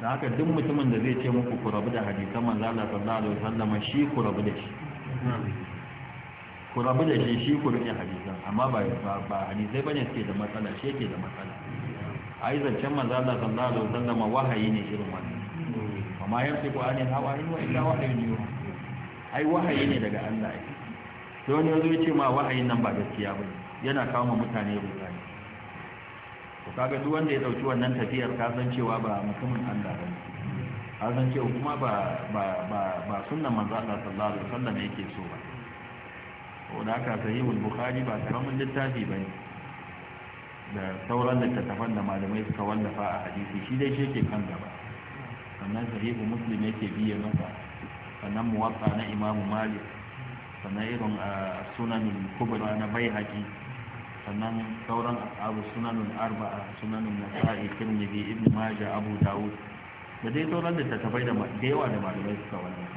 da haka duk mutumin da zai ce muku ku rabu da hadisan manzo Allah sallallahu alaihi wasallam shi ku rabu da shi ku rabu da shi shi ku rike hadisan amma ba ba hadisai bane suke da matsala shi yake da matsala ai zancen manzo Allah sallallahu alaihi wasallam wahayi ne irin wannan ma yamsiku anil hawa in wa illa wahyun yuha ai wahayi ne daga Allah ai to wani yazo yace ma wahayin nan ba gaskiya bane yana kawo mutane rudani to kaga duk wanda ya dauki wannan tafiyar ka san cewa ba mutumin Allah bane ka san cewa kuma ba ba ba ba sunnan manzo Allah sallallahu alaihi wasallam yake so ba ka aka sahihul bukhari ba karamin littafi bane da sauran littattafan da malamai suka wallafa a hadisi shi dai shi ke kan gaba sannan zarihu muslim yake biye masa sannan muwatsa na imamu malik sannan irin a ah, sunanin kubra na bai haƙi sannan sauran abu sunanin arba'a sunanin nasa'i tirmidhi ibn majah abu dawud da dai sauran da tattafai da yawa da malamai suka wannan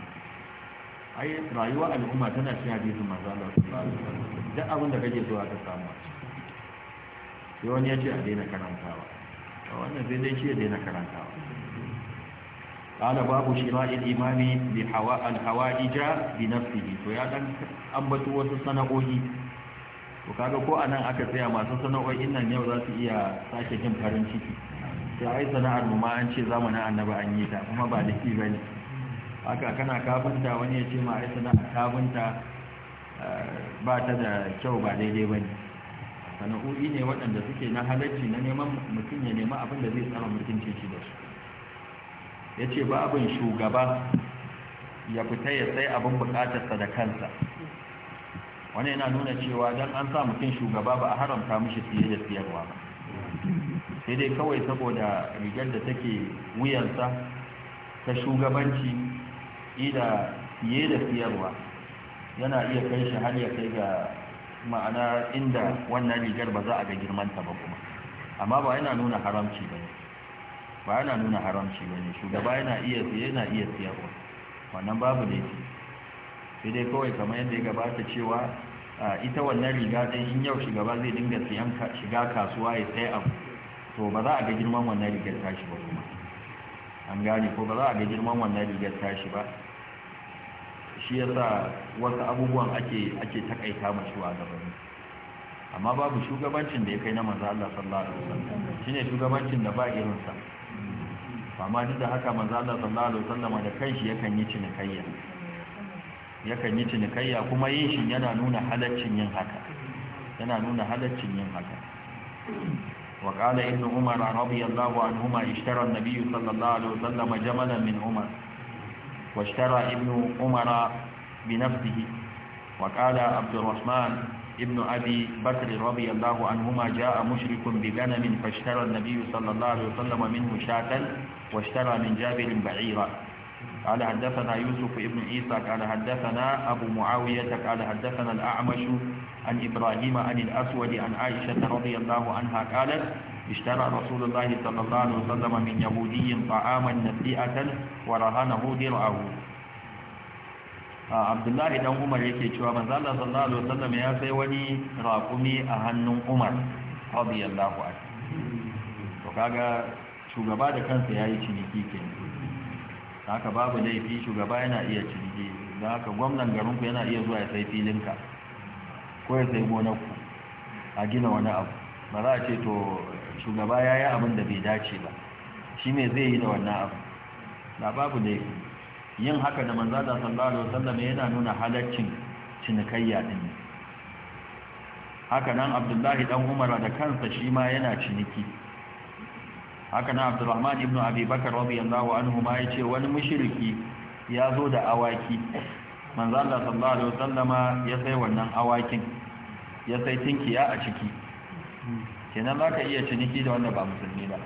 ai rayuwa al'umma tana cin hadisin manzo Allah sallallahu alaihi duk abin da kake so ka samu sai wani ya ce a daina karantawa wannan zai dai shi ya daina karantawa قال باب شراء الإمام الحوائج بنفسه anan aka tsaya masu كو nan yau za su iya sake jin farin ciki. sai ai sana'ar mu ma an ce zamanin annabi an yi ta kuma ba da ki bane haka kana kafinta wani ya ce ma ai sana'ar kafinta ba ta da kyau ba daidai bane sana'o'i ne waɗanda suke na halarci na neman mutum ya nema abin da zai tsara mutunci shi da su ya ce babin shugaba ya fita ya sai abin sa da kansa wani yana nuna cewa don an sa mutum shugaba ba a haramta mishi siye da siyarwa ba sai dai kawai saboda rigar da take wuyansa ta shugabanci ida siye da siyarwa yana iya kai shi har ya kai ga ma'ana inda wannan rigar ba za a ga girmanta ba kuma amma ba yana nuna haramci ba ne ba yana nuna haramci ba ne shugaba yana iya siye yana iya siyarwa wannan babu ne sai dai kawai kamar yadda ya gabata cewa ita wannan riga din in yau shugaba zai dinga siyan shiga kasuwa ya sai abu to ba za a ga girman wannan rigar tashi ba kuma an gane ko ba za a ga girman wannan rigar tashi ba shi yasa wasu abubuwan ake ake takaita ma wa amma babu shugabancin da ya kai na manzo Allah sallallahu alaihi wasallam shine shugabancin da ba irin sa amma duk da haka manzo Allah sallallahu alaihi da kanshi yakan yi cinikayya yakan yi cinikayya kuma yin shi yana nuna halaccin yin haka yana nuna halaccin yin haka wa qala ibnu umar radiyallahu anhuma ishtara an-nabiy sallallahu alaihi jamalan min umar wa ishtara ibnu umara bi nafsihi wa qala abdurrahman ابن أبي بكر رضي الله عنهما جاء مشرك بغنم فاشترى النبي صلى الله عليه وسلم منه شاة واشترى من جابر بعيرا قال حدثنا يوسف ابن عيسى قال حدثنا أبو معاوية قال حدثنا الأعمش عن إبراهيم عن الأسود عن عائشة رضي الله عنها قالت اشترى رسول الله صلى الله عليه وسلم من يهودي طعاما نسيئة ورهنه درعه abdullahi dan umar yake cewa manzo Allah sallallahu alaihi wasallam ya sai wani raƙumi a hannun umar radiyallahu anhu to kaga shugaba da kansa yayi ciniki kenan haka babu laifi shugaba yana iya ciniki da haka gwamnan garinku yana iya zuwa ya sai filinka ko ya sai gonarku a gina wani abu ba za a ce to shugaba ya yi abin da bai dace ba shi ne zai yi da wannan abu da babu laifi yin haka da manzo da sallallahu alaihi wasallam yana nuna halaccin cinikayya din haka nan Abdullahi dan Umar da kansa shi ma yana ciniki haka nan Abdurrahman ibn Abi Bakar radiyallahu anhu ma yace wani mushriki ya zo da awaki manzo da sallallahu alaihi wasallam ya sai wannan awakin ya sai tinkiya a ciki kenan za ka iya ciniki da wanda ba musulmi ba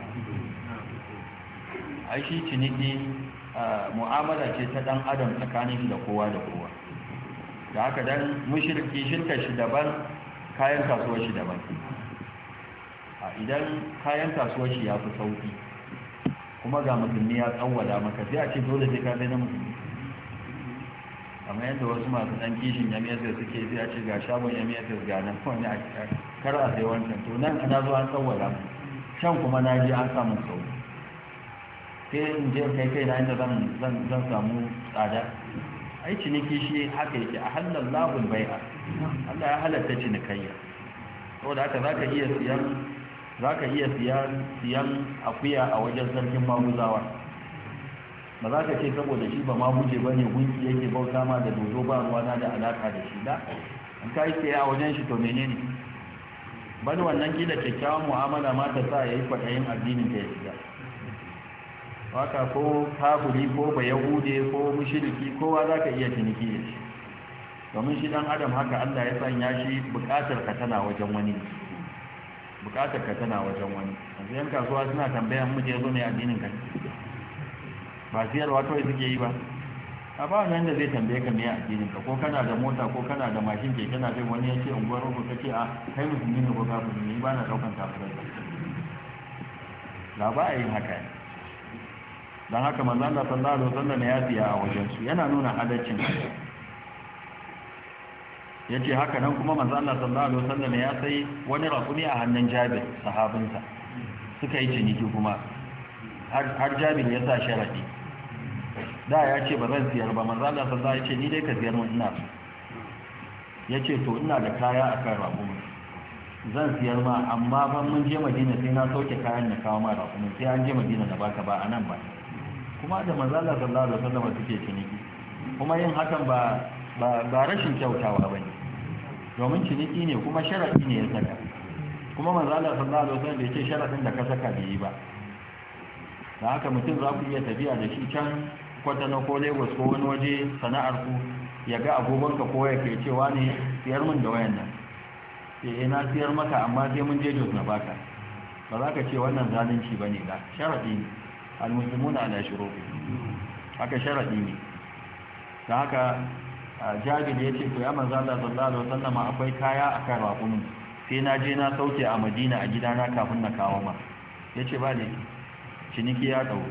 ai shi ciniki mu'amala ce ta dan adam tsakanin da kowa da kowa da haka dan mushriki shirka shi daban kayan kasuwar shi daban idan kayan kasuwar shi ya fi sauki kuma ga musulmi ya tsawwala maka sai a ce dole sai ka sai na musulmi amma yadda wasu masu dan kishin yamiyar suke sai a ce ga shagon sai ga nan wani a kar a sai wancan to nan ana zuwa an tsawwala shan can kuma na ji an samu sauki sai in je kai kai na inda zan zan zan samu tsada ai ciniki shi haka yake a halallahu bai'a Allah ya halatta cinikayya saboda haka zaka iya siyan zaka iya siyan siyan akuya a wajen sarkin maguzawa ba za ka ce saboda shi ba ma guje ba ne gunki yake bauta ma da dodo ba ruwa na da alaka da shi da in ka yi a wajen shi to menene bani wannan gida kyakkyawan mu'amala ma ta sa ya yi kwaɗayin addinin ta ya shiga Waka ko kafuri ko ba yahude ko mushriki kowa za ka iya ciniki da shi domin shi dan adam haka allah ya sanya shi bukatar ka tana wajen wani bukatar ka tana wajen wani yanzu yan kasuwa suna tambayan mu je zo ne addinin ka ba siyarwa kawai suke yi ba a ba nan da zai tambaye ka mai addinin ka ko kana da mota ko kana da mashin ke kana zai wani yake unguwar rubu ka ce a kai musulmi ne ko kafin ne ba na daukan kafirai ba ba a haka ne don haka manzana sallallahu alaihi wasallam ya biya a wajensu yana nuna adalcin ya ce haka nan kuma manzana sallallahu alaihi wasallam ya sai wani rakumi a hannun jabir sahabinsa suka yi ciniki kuma har jabir ya sa sharaɗi da ya ce ba zan siyar ba manzana sallallahu alaihi ya ce ni dai ka siyar mun ina su ya ce to ina da kaya a kan rakumin zan siyar ma amma ban mun je madina sai na sauke kayan na kawo ma rakumin sai an je madina na baka ba a nan ba kuma da manzala sallallahu alaihi wasallam suke ciniki kuma yin hakan ba ba rashin kyautawa bane domin ciniki ne kuma sharadi ne ya saka kuma manzala sallallahu alaihi wasallam bai ce sharadin da ka saka bai yi ba da haka mutum za ku iya tafiya da shi can kwatano ko lagos ko wani waje sana'ar ku ya ga agogonka ko ya ke cewa ne siyar min da wayan nan sai eh, eh, na siyar maka amma sai mun je jos na baka ba za ka ce wannan zalunci ba ne da sharaɗi ne almuslimuna ala shuruqi haka sharadi ne dan haka jabir yace to ya manzo Allah sallallahu alaihi wasallam akwai kaya akan rakunin sai na je na sauke a Madina a gidana kafin na kawo ma yace ba ne ciniki ya dau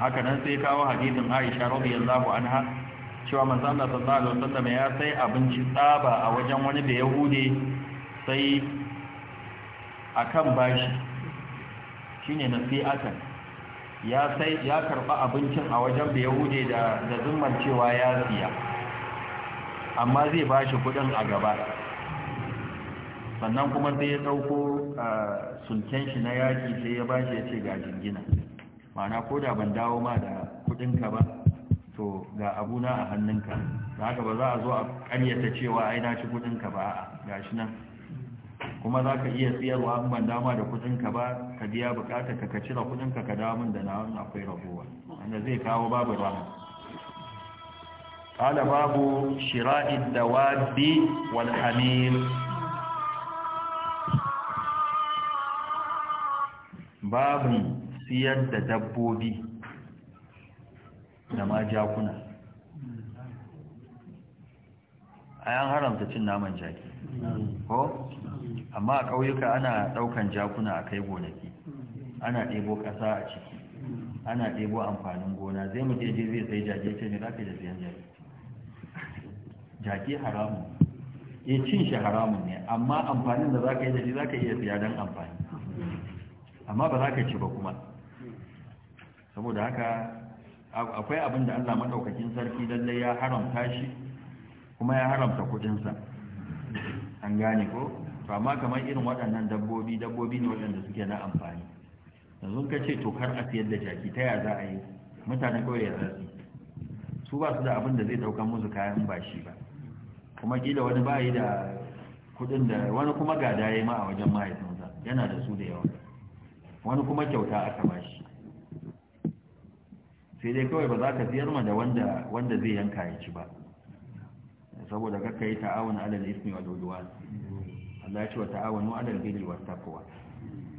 haka nan sai kawo hadisin Aisha radiyallahu anha cewa manzo Allah sallallahu alaihi wasallam ya sai abinci tsaba a wajen wani da Yahudi sai akan bashi shine nasi'atan ya sai ya karba abincin a wajen da yahude da da zumman cewa ya siya amma zai bashi kudin a gaba sannan kuma sai ya dauko sulken shi na yaki sai ya bashi ya ce ga jingina ma'ana ko da ban dawo ma da kudinka ba to ga abuna a hannunka da haka ba za a zo a ƙaryata cewa ai na ci kudinka ba aa gashi nan kuma za ka iya siyarwa an ban dama da kudinka ba ka biya bukata ka ka cira kudinka ka min da na akwai rabuwa, wanda zai kawo babu rana babu shira'id شراء wal hamil babu siyar da dabbobi da ma jakuna a haramta cin naman jaki ko amma a ƙauyuka ana ɗaukan jakuna a kai gonaki ana ɗebo ƙasa a ciki ana ɗebo amfanin gona zai mu je zai sai jage ce ne za ka yi da siyan jage jage haramun ya e, cin shi haramun ne amma amfanin da za ka yi da shi za ka iya siya don amfani amma ba za ka ci ba kuma saboda haka akwai abin da allah maɗaukakin sarki lallai ya haramta shi kuma ya haramta kuɗinsa an gane ko amma kamar irin waɗannan dabbobi dabbobi ne waɗanda suke na amfani yanzu ka ce to kar a siyar da jaki ta ya za a yi mutane kawai ya zasu su ba su da abin da zai ɗauka musu kayan ba shi ba kuma ƙila wani ba yi da kuɗin da wani kuma gada ya ma a wajen mahaifinsa yana da su da yawa wani kuma kyauta aka ba shi sai dai kawai ba za ka siyar ma da wanda wanda zai yanka ya ci ba saboda kakka yi ta'awun alal ismi wa dodowa Allah ya ce wa ta'awanu alal birri wa taqwa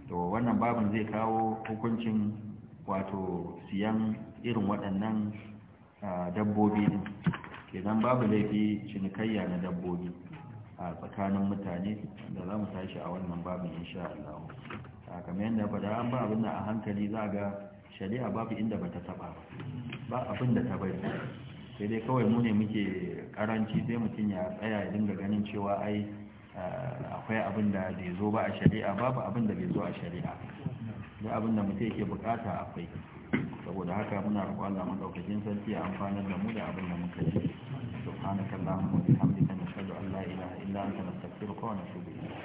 to wannan babin zai kawo hukuncin wato siyan irin waɗannan dabbobi din kenan babu laifi cinikayya na dabbobi a tsakanin mutane da za mu tashi a wannan babin insha Allah kamar yadda da an ba abin da a hankali za ga shari'a babu inda bata taba ba abin da ta bari sai dai kawai mu ne muke karanci sai mutum ya tsaya ya dinga ganin cewa ai Eh, akwai abin da bai zo ba a shari'a babu abin da bai zo a shari'a duk abin da mutum yake bukata akwai saboda haka muna roƙon Allah madaukakin sarki a amfanar da mu da abin da muka ji subhanakallahumma wa bihamdika nashhadu an la ilaha illa anta nastaghfiruka wa natubu ilayk